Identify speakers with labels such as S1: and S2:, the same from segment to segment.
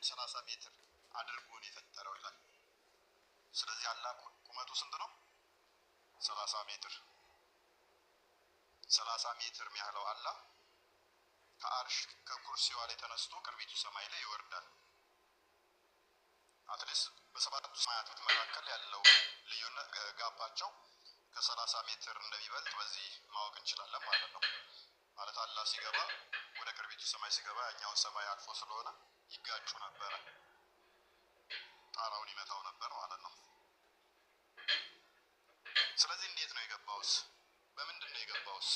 S1: ወይም 30 ሜትር አድርጎ ነው የፈጠረው ይላል። ስለዚህ አላህ ቁመቱ ስንት ነው? 30 ሜትር 30 ሜትር የሚያህለው አላህ ከአርሽ ከኩርሲዋ ላይ ተነስቶ ቅርቢቱ ሰማይ ላይ ይወርዳል። አትሊስት በሰባቱ ሰማያት መካከል ያለው ልዩነት ጋባቸው ከሰላሳ ሜትር እንደሚበልጥ በዚህ ማወቅ እንችላለን ማለት ነው። ማለት አላህ ሲገባ ወደ ቅርቢቱ ሰማይ ሲገባ ያኛውን ሰማይ አልፎ ስለሆነ ይጋጩ ነበረ። ጣራውን ይመታው ነበር ማለት ነው። ስለዚህ እንዴት ነው የገባውስ? በምንድን ነው የገባውስ?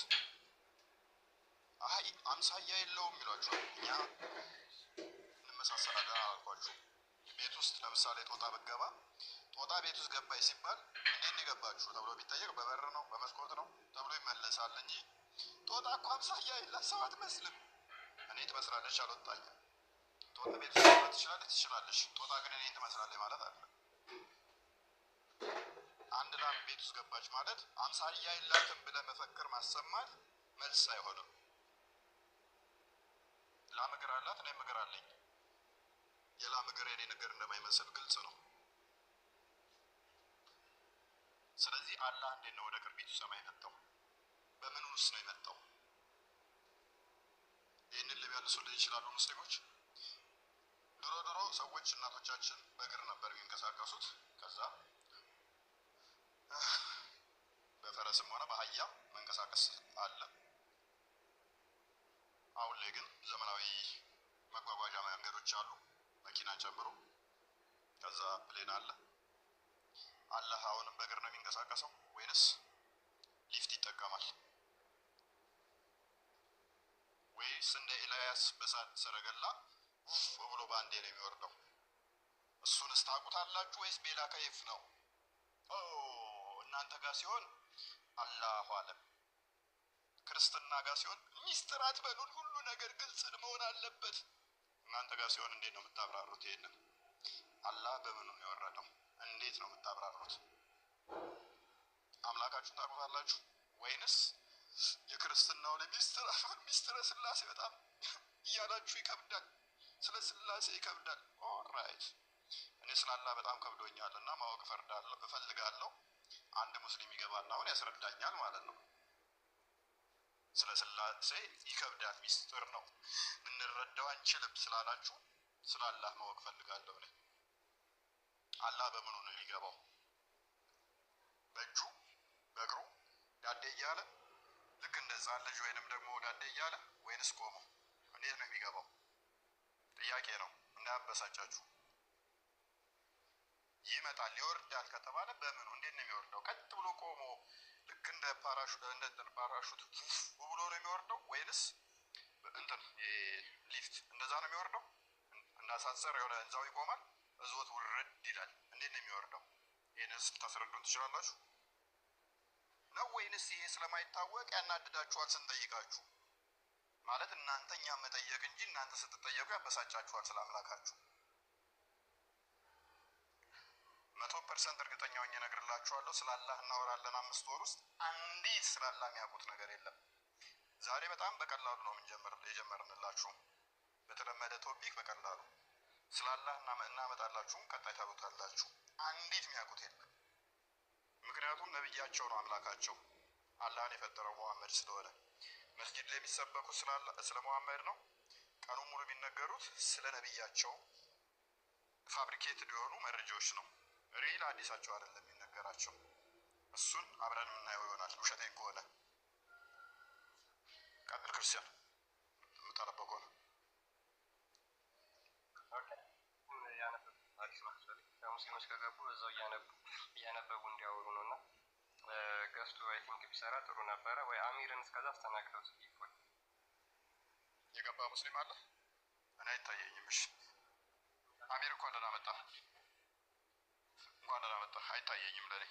S1: አይ አምሳያ የለውም ይሏችኋል። እኛ እንመሳሰላለን አላልኳችሁ። ቤት ውስጥ ለምሳሌ ጦጣ ብገባ ጦጣ ቤት ውስጥ ገባይ ሲባል እንዴት የገባችሁ ተብሎ ቢጠየቅ በበር ነው በመስኮት ነው ተብሎ ይመለሳል እንጂ ጦጣ እኮ አምሳያ የላት ሰው አትመስልም። እኔ ትመስላለች አልወጣኝም ቤት ቤተሰብ ትችላለች ትችላለች። ጦጣ ግን እኔ ትመስላለች ማለት አለ። አንድ ላም ቤት ውስጥ ገባች ማለት አምሳያ የላትም ብለህ መፈክር ማሰማት መልስ አይሆንም። ላም እግር አላት፣ እኔም እግር አለኝ። የላም እግር የኔ እግር እንደማይመስል ግልጽ ነው። ስለዚህ አላህ እንዴት ነው ወደ ቅርቢቱ ሰማይ የመጣው? በምን ውስጥ ነው የመጣው? ይህንን ሊመልሱልን ይችላሉ ሙስሊሞች? ድሮ ድሮ ሰዎች እናቶቻችን በእግር ነበር የሚንቀሳቀሱት። ከዛ በፈረስም ሆነ በአህያ መንቀሳቀስ አለ። አሁን ላይ ግን ዘመናዊ መጓጓዣ መንገዶች አሉ፣ መኪና ጨምሮ። ከዛ ፕሌን አለ አለ። አሁንም በእግር ነው የሚንቀሳቀሰው ወይንስ ሊፍት ይጠቀማል ወይስ እንደ ኤልያስ በሳት ሰረገላ ውፍ ብሎ በአንዴ ነው የሚወርደው። እሱንስ ታውቁታላችሁ ወይስ ቤላ ከይፍ ነው? እናንተ ጋር ሲሆን አላሁ አለም፣ ክርስትና ጋር ሲሆን ሚስጥር አትበሉን፣ ሁሉ ነገር ግልጽ መሆን አለበት። እናንተ ጋር ሲሆን እንዴት ነው የምታብራሩት? ይሄንን አላህ በምኑ ነው የወረደው? እንዴት ነው የምታብራሩት? አምላካችሁን ታውቁታላችሁ ወይንስ የክርስትናው ለሚስጥር ሚስጥረ ስላሴ በጣም እያላችሁ ይከብዳል። ስለ ስላሴ ይከብዳል። ኦራይት እኔ ስላላ በጣም ከብዶኛል እና ማወቅ ፈርዳለሁ እፈልጋለሁ። አንድ ሙስሊም ይገባና አሁን ያስረዳኛል ማለት ነው። ስለ ስላሴ ይከብዳል፣ ሚስጥር ነው፣ ልንረዳው አንችልም ስላላችሁ ስለ አላህ ማወቅ ፈልጋለሁ እኔ አላህ በምኑ ነው የሚገባው? በእጁ በእግሩ ዳዴ እያለ ልክ እንደ ህፃን ልጅ ወይንም ደግሞ ዳዴ እያለ ወይንስ ቆሞ እኔ ነው ጥያቄ ነው፣ እንዳያበሳጫችሁ። ይመጣል ይወርዳል ከተባለ በምኑ እንዴት ነው የሚወርደው? ቀጥ ብሎ ቆሞ ልክ እንደ ፓራሹት ብሎ ነው የሚወርደው ወይንስ እንትን ሊፍት እንደዛ ነው የሚወርደው? እንዳሳጸር የሆነ እዛው ይቆማል፣ እዞት ውርድ ይላል። እንዴት ነው የሚወርደው? ይህንን ስታስረዱን ትችላላችሁ ነው ወይንስ ይሄ ስለማይታወቅ ያናድዳችኋል ስንጠይቃችሁ ማለት እናንተ እኛ መጠየቅ እንጂ እናንተ ስትጠየቁ ያበሳጫችኋል ስለ አምላካችሁ። መቶ ፐርሰንት እርግጠኛ ሆኜ እነግርላችኋለሁ። ስለ አላህ እናወራለን አምስት ወር ውስጥ አንዲት ስለ አላህ የሚያውቁት ነገር የለም። ዛሬ በጣም በቀላሉ ነው የምንጀምር የጀመርንላችሁ በተለመደ ቶፒክ በቀላሉ ስለ አላህ እናመጣላችሁም ቀጣይ ታሉታላችሁ። አንዲት የሚያውቁት የለም። ምክንያቱም ነብያቸው ነው አምላካቸው አላህን የፈጠረው መሐመድ ስለሆነ መስጊድ ላይ የሚሰበኩት ስለ መሐመድ ነው። ቀኑን ሙሉ የሚነገሩት ስለ ነቢያቸው ፋብሪኬት የሆኑ መረጃዎች ነው። ሪል አዲሳቸው አይደለም የሚነገራቸው። እሱን አብረን የምናየው ይሆናል። ውሸቴን ከሆነ ቀጥል። ክርስቲያን የምጠለበው ከሆነ
S2: ሙስሊሞች ከገቡ እዛው እያነበቡ እንዲያው ወስዶ አይ ቲንክ ቢሰራ ጥሩ ነበረ። ወይ አሚርን እስከዛ አስተናግደው ይቆይ።
S1: የገባ ሙስሊም አለ እኔ አይታየኝም። እሺ አሚር እንኳን ደህና መጣ፣ እንኳን ደህና መጣ። አይታየኝም ለኔ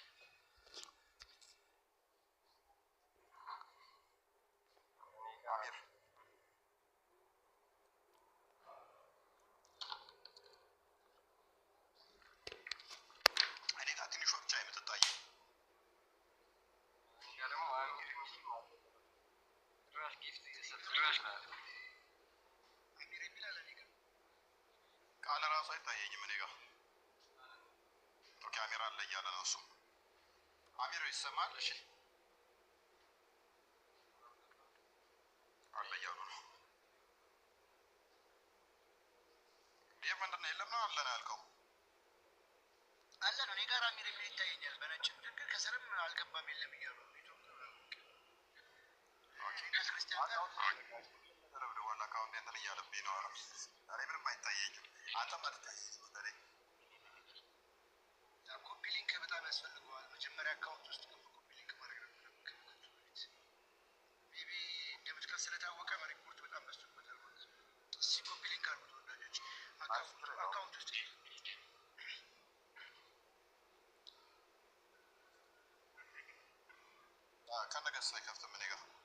S1: ነገር አለ እያለ ነው እሱ። አሚሮ ይሰማል? እሺ አለ እያሉ ነው። ይህ ምንድን ነው? የለም ነው አለ ነው ያልከው?
S2: አለ ነው። እኔ ጋር አሚር የሚል ይታየኛል በነጭ ምድግር ከስርም አልገባም። የለም እያሉ ነው።
S1: አካውንት እንትን እያለብኝ ነው። ምንም አይታየኝም። አንተም አትታየኝም።
S2: በጣም ያስፈልገዋል። መጀመሪያ አካውንት ውስጥ ግን ኮፒ ሊንክ ማድረግ ነው የምንመለከቱ ቤት ሜቢ ስለታወቀ ሪፖርት በጣም በዝቶበታል ማለት ነው። እስኪ ኮፒ ሊንክ አሉ ተወዳጆች አካውንት ውስጥ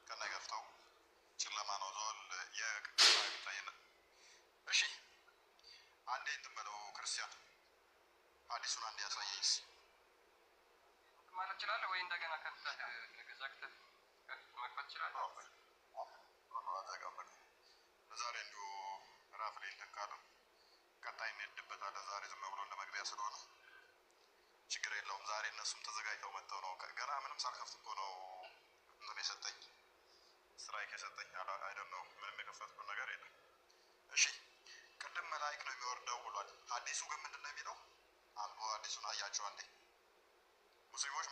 S1: ከነገፍተው ነው ዞል እሺ፣ አንዴ እንትን በለው ክርስቲያን አዲሱን አንዴ
S2: ማለት እችላለሁ ወይ? እንደገና ከፍተህ ዘግተህ መግባት እችላለሁ።
S1: ዛሬ እንዲሁ ራፍ ላይ ይለካሉ። ቀጣይ እንሄድበታለን። ዛሬ ዝም ብሎ ለመግቢያ ስለሆነ ችግር የለውም። ዛሬ እነሱም ተዘጋጅተው መጥተው ነው። ገና ምንም ሳልከፍት እኮ ነው እንትን የሰጠኝ ስትራይክ የሰጠኝ አይደል ነው። ምንም የከፈትኩት ነገር የለም። እሺ ቅድም መላይክ ነው የሚወርደው ብሏል። አዲሱ ግን ምንድን ነው የሚለው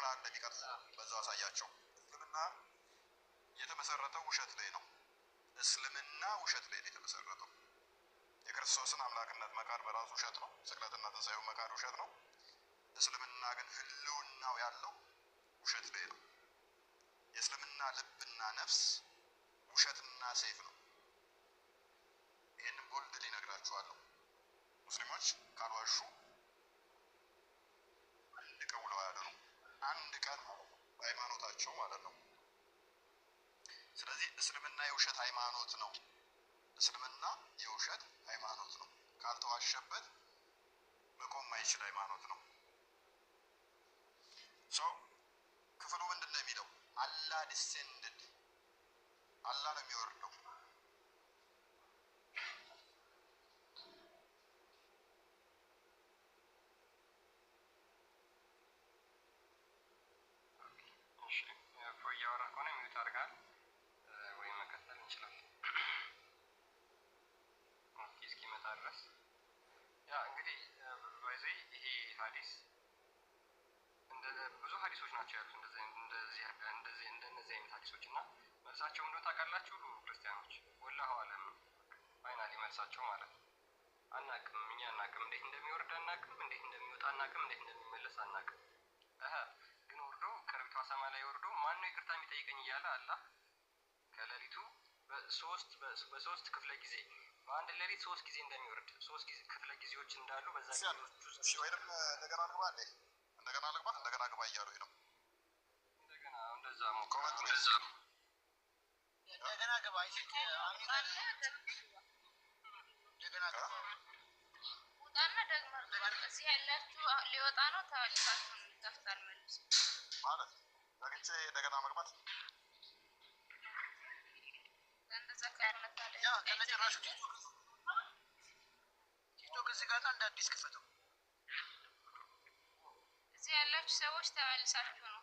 S1: ስራ እንደሚቀርጽ በዛው አሳያቸው። እስልምና የተመሰረተው ውሸት ላይ ነው። እስልምና ውሸት ላይ ነው የተመሰረተው። የክርስቶስን አምላክነት መካድ በራሱ ውሸት ነው። ስቅለትና ተንሳኤው መካድ ውሸት ነው። እስልምና ግን ህልውናው ያለው ውሸት ላይ ነው። የእስልምና ልብና ነፍስ ውሸትና ሰይፍ ነው። ይህንን ቦልድ ሊነግራችኋለሁ። ሙስሊሞች ካልዋሹ አንድ ቀን በሃይማኖታቸው ማለት ነው። ስለዚህ እስልምና የውሸት ሃይማኖት ነው። እስልምና የውሸት ሃይማኖት ነው። ካልተዋሸበት መቆም ማይችል ሃይማኖት ነው። ሰው ክፍሉ ምንድን ነው የሚለው? አላህ ዲሴንድድ አላ ነው የሚወርደው
S2: ሀዲስ ብዙ ሀዲሶች ናቸው ያሉት እንደዚህ እንደነዚህ አይነት ሀዲሶች እና መልሳቸው ምንድን ታውቃላችሁ ክርስቲያኖች። ወላሁ አለም ነው ፋይናሊ መልሳቸው ማለት አናቅም፣ እኛ አናቅም፣ እንዴት እንደሚወርድ አናቅም፣ እንዴት እንደሚወጣ አናቅም፣ እንዴት እንደሚመለስ አናቅም። ግን ወርዶ ከርቢቷ ሰማይ ላይ ወርዶ ማን ነው ይቅርታ የሚጠይቀኝ እያለ አላህ ከሌሊቱ በሶስት በሶስት ክፍለ ጊዜ በአንድ ሌሊት ሶስት ጊዜ እንደሚወርድ ሶስት ክፍለ ጊዜዎች እንዳሉ በዛ
S1: ወይም እንደገና ልግባ እንደገና ልግባ እንደገና ግባ እያሉ ነው። እንደገና እንደዛ
S2: እንደገና ግባ ደግሞ እዚህ ያላችሁ ሊወጣ ነው ተመልሳችሁ
S1: ማለት ዘግቼ እንደገና መግባት ከነጭራሹ ቲክቶክ እዚህ ጋር እንደ አዲስ ክፍተው
S2: እዚህ ያላችሁ ሰዎች ተመልሳችሁ ነው።